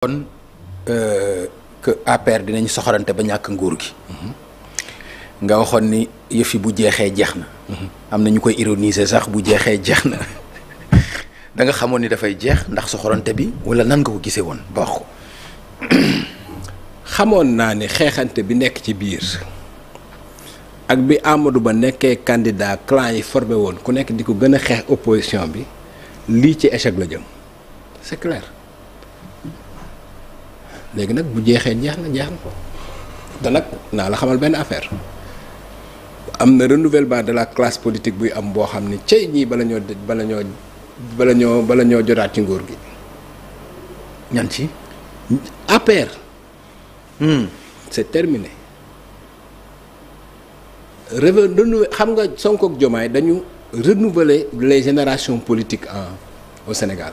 kon euh, que APR dinañ soxorante ba ñàkk nguur gi nga waxoon ni yëf bu jeexee jeex na am na ñu koy ironiser sax bu jeexee jeex na danga xamoon ni dafay jeex ndax soxorante bi wala nan nga ko gisee woon ba wax ko xamoon naa ni xeexante bi nekk ci biir ak bi Amadou Ba nekkee candidat clan yi formé woon ku nekk di ko gën a xeex opposition bi lii ci échec la jëm c'est léegi nag bu jeexee jeex na jeex na ko te naa la xamal benn affaire am na renouvellement de la classe politique buy am boo xam ne cey ñii bala ñoo bala ñoo bala ñoo bala ñoo jotaat ci nguur gi ñan ci APR hmm. c'est terminé renouve xam nga Sonko jomaay dañu renouvelle les générations politiques en au Sénégal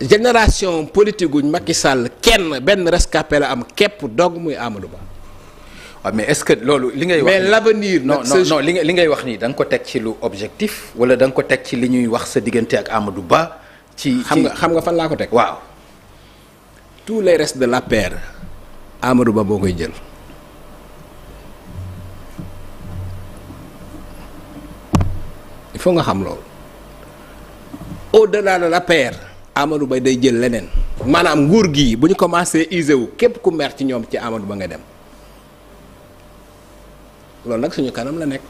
génération politique guñ Macky sàll kenn benn rescapé la am képp dog muy Amadou Ba. waaw mais est-ce que loolu li ngay. wax mais l'avenir non non non li li ngay wax nii da ko teg ci lu objectif wala danga ko teg ci li ñuy wax sa diggante ak Amadou Ba. ci xam nga xam nga fan laa ko teg. waaw tous les restes de la l'APR Amadou Ba boo koy jël. il faut nga xam loolu au-delà la l'APR. Amadou Ba day jël leneen maanaam nguur gii bu ñu commencé use wu képp ku mer ci ñoom ci Amadou Ba nga dem loolu nag suñu kanam la nekk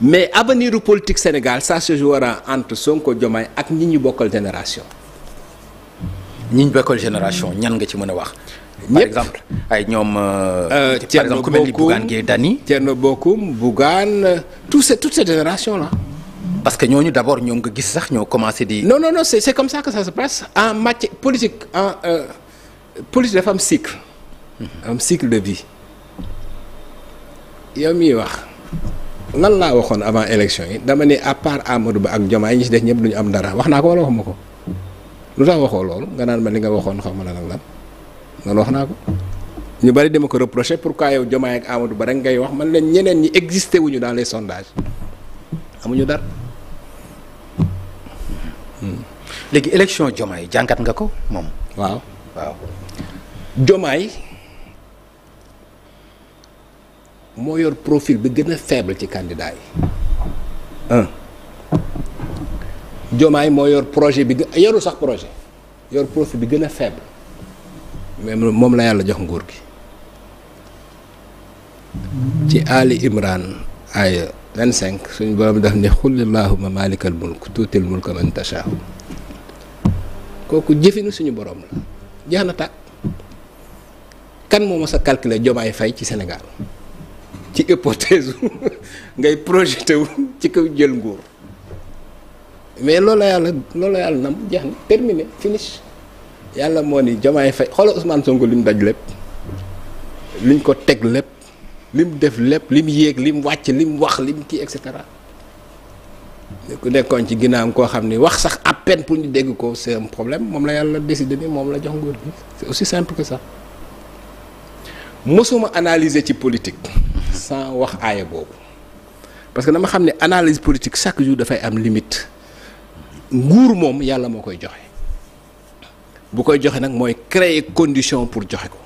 mais avenir politique Sénégal ça se a entre Sonko Diomaye ak ñi ñu bokkal génération. ñi ñu bokkal génération ñan nga ci mën a wax. par exemple ay ñoom. Thierno euh, euh, Bocoum par exemple ku mel ni Bougane Gueye Dany. Thierno Bocoum Bougane euh, tout ce toute génération la parce que ñooñu d' abord ñoom nga gis sax ñoo commencé di. no non non c' est, c' est comme ça que ça se en matière politique en euh, politique dafa mhm. am cycle. de vie. yow miy wax lan laa waxoon avant élection yi dama ne à part Amadou Ba ak Diomaye ñi ci def ñëpp duñu am dara wax naa ko wala ma ko lu tax waxoo loolu nga naan ma li nga waxoon xaw ma lan ak lan loolu wax naa ko. ñu bari dama ko reproché pourquoi yow Diomaye ak Amadou Ba rek ngay wax man leen ñeneen ñi existé wuñu dans les sondages amuñu dara. léegi élection Diomaye jàngat nga ko moom. waaw waaw. Diomaye moo yor profil bi gën a faible ci candidat yi. un moo yor projet bi yoru sax projet yor profil bi gën a faible mais moom la yàlla jox nguur gi ci Ali Imran ay 25 suñu borom daf ne xullillaahuma maalikal mulk tuutil mulka man tashaahu kooku jëfinu suñu borom la jeex na tàkk kan moom mës a calculer fay ci Sénégal ci hypothèse ngay projeté ci kaw jël nguur mais loolu la yàlla loolu la yàlla nam jeex na terminé finish yàlla moo ni Diomaye fay xoola Ousmane Sonko li mu daj lépp liñ ko teg lépp lim def lépp lim yéeg lim wàcc lim wax lim kii et cetera ku nekkoon ci ginnaawam koo xam ni wax sax à pour ñu dégg ko c'est problème moom la yàlla décidé ni moom la jox nguur gi c'est aussi simple que ça mosuma analyser ci politique sans wax aaya boobu parce que dama xam ne analyse politique chaque jour dafay am limite nguur moom yàlla moo koy joxe bu koy joxe nag mooy créer condition pour joxe ko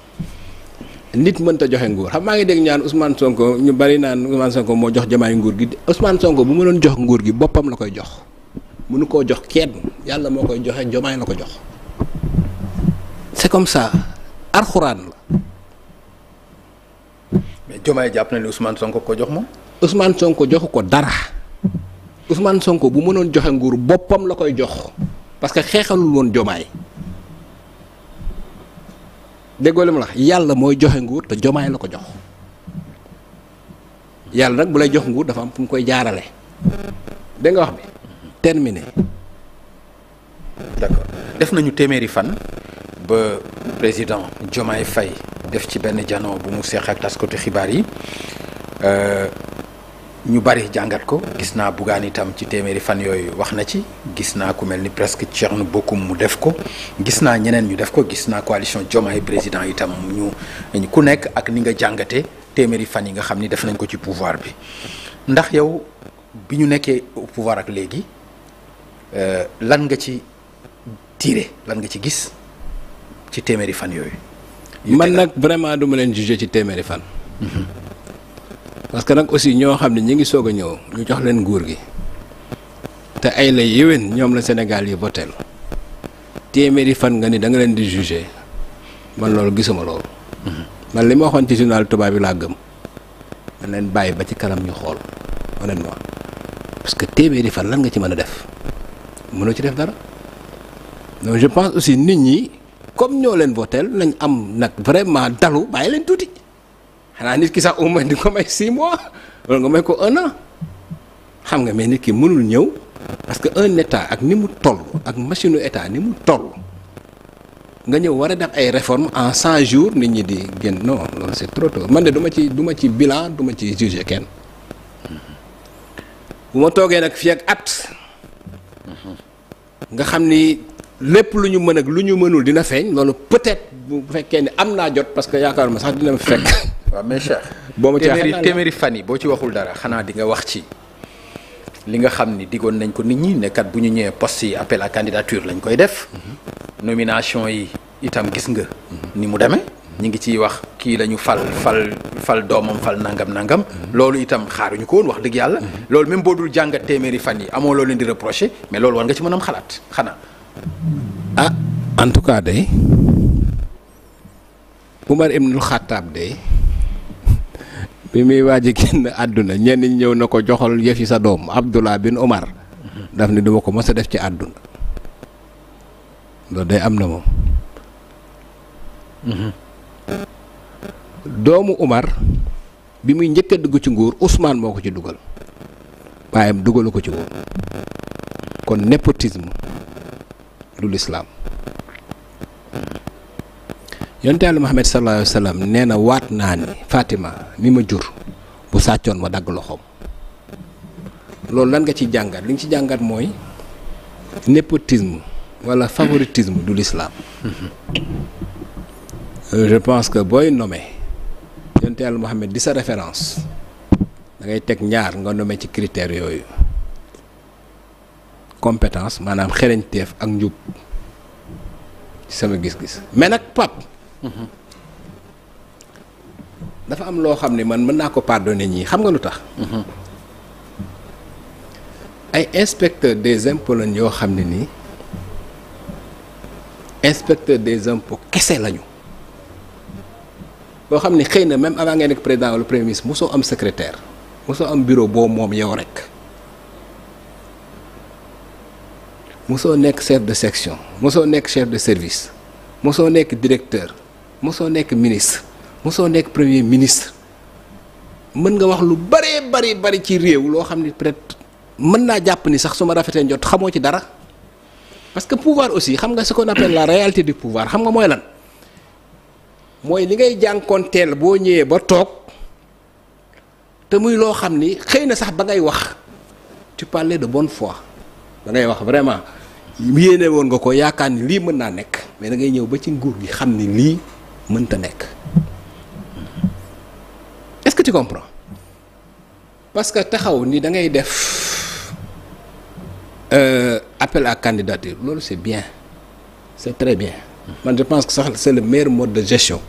nit mënta joxe nguur xam maa ngi dégg ñaan Ousmane Sonko ñu bari naan Ousmane Sonko moo jox jamaay nguur gi Ousmane Sonko bu mënoon jox nguur gi boppam la koy jox mënu koo jox kenn yàlla moo koy joxe jamaay la ko jox c'est comme ça arxuraan la. jàpp na ni Sonko ko jox moom. Ousmane Sonko joxu ko dara usmaan Sonko bu mënoon joxe nguur boppam la koy jox parce que xeexalul woon jamaay. déggoo li ma la yàlla mooy joxe nguur te jomaay la ko jox yàlla nag bu lay jox nguur dafa am fu mu koy jaarale da nga wax bi terminé. d'accord def nañu téeméeri fan ba président Diomaye fay def ci benn janoo bu mu seex ak taskatu xibaar yi. Euh, ñu bari jàngat ko gis naa bugaan itam ci téeméeri fan yooyu wax na ci gis naa ku mel ni presque Thierno bokkum mu def ko gis naa ñeneen ñu def ko gis naa coalition Diomaye président itam ñu ku nekk ak ni nga jàngate téeméeri fan yi nga xam ni def nañ ko ci pouvoir bi ndax yow bi ñu nekkee au pouvoir ak léegi euh, lan nga ci tiré lan nga ci gis ci téeméeri fan yooyu. man nag vraiment du leen jugé ci téeméeri fan. Mm-hmm. parce que nag aussi ñoo xam ne ñi ngi soog a ñëw ñu jox leen nguur gi te ay la yéwén ñoom la Sénégal yi voteel téeméeri fan nga ni da nga leen di jugé man loolu gisuma loolu mm-hmm. man li ma waxoon ci journal tubaab bi laa gëm man leen bàyyi ba ci kanam ñu xool honnêtement parce que téeméeri fan lan nga ci mën a def mënoo ci def dara donc je pense aussi nit ñi comme ñoo leen voteel nañ am nag vraiment dalu bàyyi leen tuuti xanaa nit ki sax au moins di ko may 6 mois nga may ko un xam nga mais nit ki mënul ñëw parce que un état ak ni mu toll ak machine état ni mu toll nga ñëw war a def ay réformes en 100 jours nit ñi di génn non loolu c'est trop tôt man de du ma ci du ma ci bilan du ma ci juger kenn bu ma toogee nag fii ak at nga xam ni. lépp lu ñu mën ak lu ñu mënul dina feeñ loolu peut-être bu fekkee ni am naa jot parce que yaakaar ma sax dina fekk waaw mais Cheikh. boo ma fan yi boo ci waxul dara xanaa di nga wax ci li nga xam ni diggoon nañ ko nit ñi nekkat bu ñu ñëwee poste yi appel à candidature lañ koy def. nomination yi itam gis nga. ni mu demee. ñu ngi ciy wax kii la ñu fal fal fal doomam fal nangam nangam. loolu itam xaaruñu ko wax dëgg yàlla. loolu même boo dul jàngat téeméeri fan yi amoo loolu leen di reproché mais loolu war nga ci mën am xalaat xanaa. ah en tout cas day Umar ibnul Xattaab day bi muy waaj a génn àdduna ñenn ñi ñëw na ko joxal yëfi sa doom Abdullah bin Omar daf ne duma ko mës a def ci àdduna loolu day am na moom mhm. doomu Omar bi muy njëkk dugg ci nguur usmaan moo ko ci dugal baayam dugalu ko ci woon kon népotisme du lislaam yonte yàlla Muhammad sallallahu alayhi wa nee na waat naa ni Fatima mi ma jur bu sàccoon ma dagg loxoom loolu lan nga ci jàngat li nga ci jàngat mooy népotisme wala favoritisme du l'islam euh, je pense que booy nommé yonte yàlla Muhammad di sa référence da ngay teg ñaar nga nommé ci critères yooyu compétence maanaam xereñteef ak njub ci sama gis-gis mais nag pap dafa am loo xam ne man mën naa ko pardone ñii xam nga lu tax. Mhm. ay inspecteurs des impôts lañ yoo xam ne nii inspecteur des impôts kese lañu. loo xam ne xëy na même avant ngay nekk président wala premier ministre mosoo am secrétaire mosoo am bureau boo moom yow rek mosoo nekk chef de section mosoo nekk chef de service mosoo nekk directeur. mosoo nekk ministre mosoo nekk premier ministre mën nga wax lu bëree bari bari ci réew loo xam ne peut-être mën naa jàpp ni sax su ma rafetee njot xamoo ci dara parce que pouvoir aussi xam nga ce qu'on appelle la réalité du pouvoir xam nga mooy lan mooy li ngay jànkoonteel boo ñëwee ba toog te muy loo xam ni xëy na sax ba ngay wax tu de bonne foi da ngay wax vraiment yéene woon nga ko yaakaar ni lii mën naa nekk mais da ngay ñëw ba ci nguur gi xam ni lii mënta nekk est-ce que tu comprends parce que taxaw ni da ngay def euh, appel à candidature loolu c'est bien c'est très bien man je pense que sax c'est le meilleur mode de gestion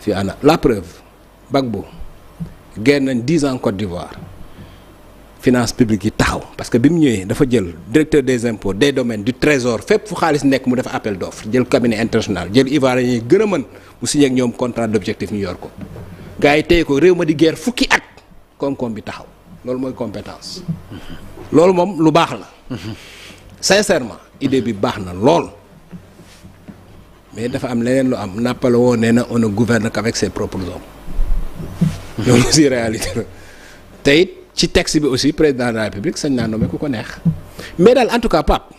fii ana la preuve Gbagbo génn nañ dix ans Côte d'Ivoire finance publique yi taxaw parce que bi mu ñëwee dafa jël directeur des impôts des domaines du trésor fépp fu xaalis nekk mu def appel d'offres jël cabinet international jël ivoirien yi gën a mën bu signé ñoom contrat d'objectif ñu yor ko gars yi téye ko réew ma di guerre fukki ak koom-koom bi taxaw loolu mooy compétence loolu moom lu baax la sincèrement idée bi baax na lool mais dafa am leneen lu am Napoléon nee na on ne gouverne qu'avec ses propres hommes loolu aussi te ci texte bi aussi président de la république sañ naa nommé ku ko neex mais daal en tout cas Pape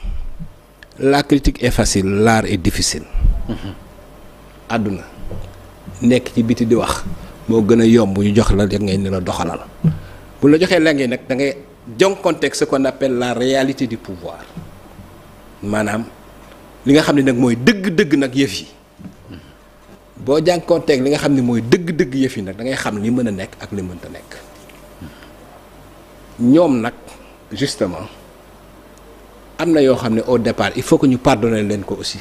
la critique est facile l'art est difficile àdduna nekk ci biti di wax moo gën a yomb ñu jox la rek ngay ni la doxalal bu la joxee la ngi nag da ngay jonkonteeg ce qu'on appelle la réalité du pouvoir maanaam li nga xam ne nag mooy dëgg-dëgg nag yëf yi boo jànkonteeg li nga xam ne mooy dëgg-dëgg yëf yi nag da ngay xam li mën a nekk ak li mënta nekk ñoom nag justement am na yoo xam ne au départ il faut que ñu pardonner leen ko aussi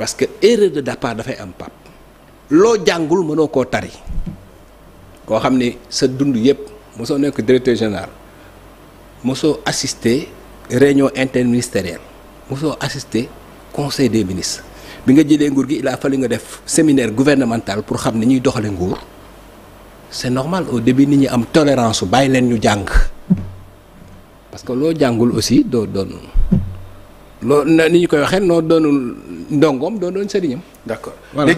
parce que erreur de départ dafay am pap loo jàngul mënoo ko tari koo xam ni sa dund yëpp mosoo nekk directeur général mosoo assister réunion interministérielle mosoo assister conseil des ministre bi nga jëlee nguur gi il a fallu nga def séminaire gouvernemental pour xam ni ñuy doxale nguur c'est normal au début nit ñi am tolérance su bàyyi leen ñu jàng parce que loo jàngul aussi doo doon loolu na ni ñu koy waxee noo doonul ndongoom doo doon sëriñam. d'accord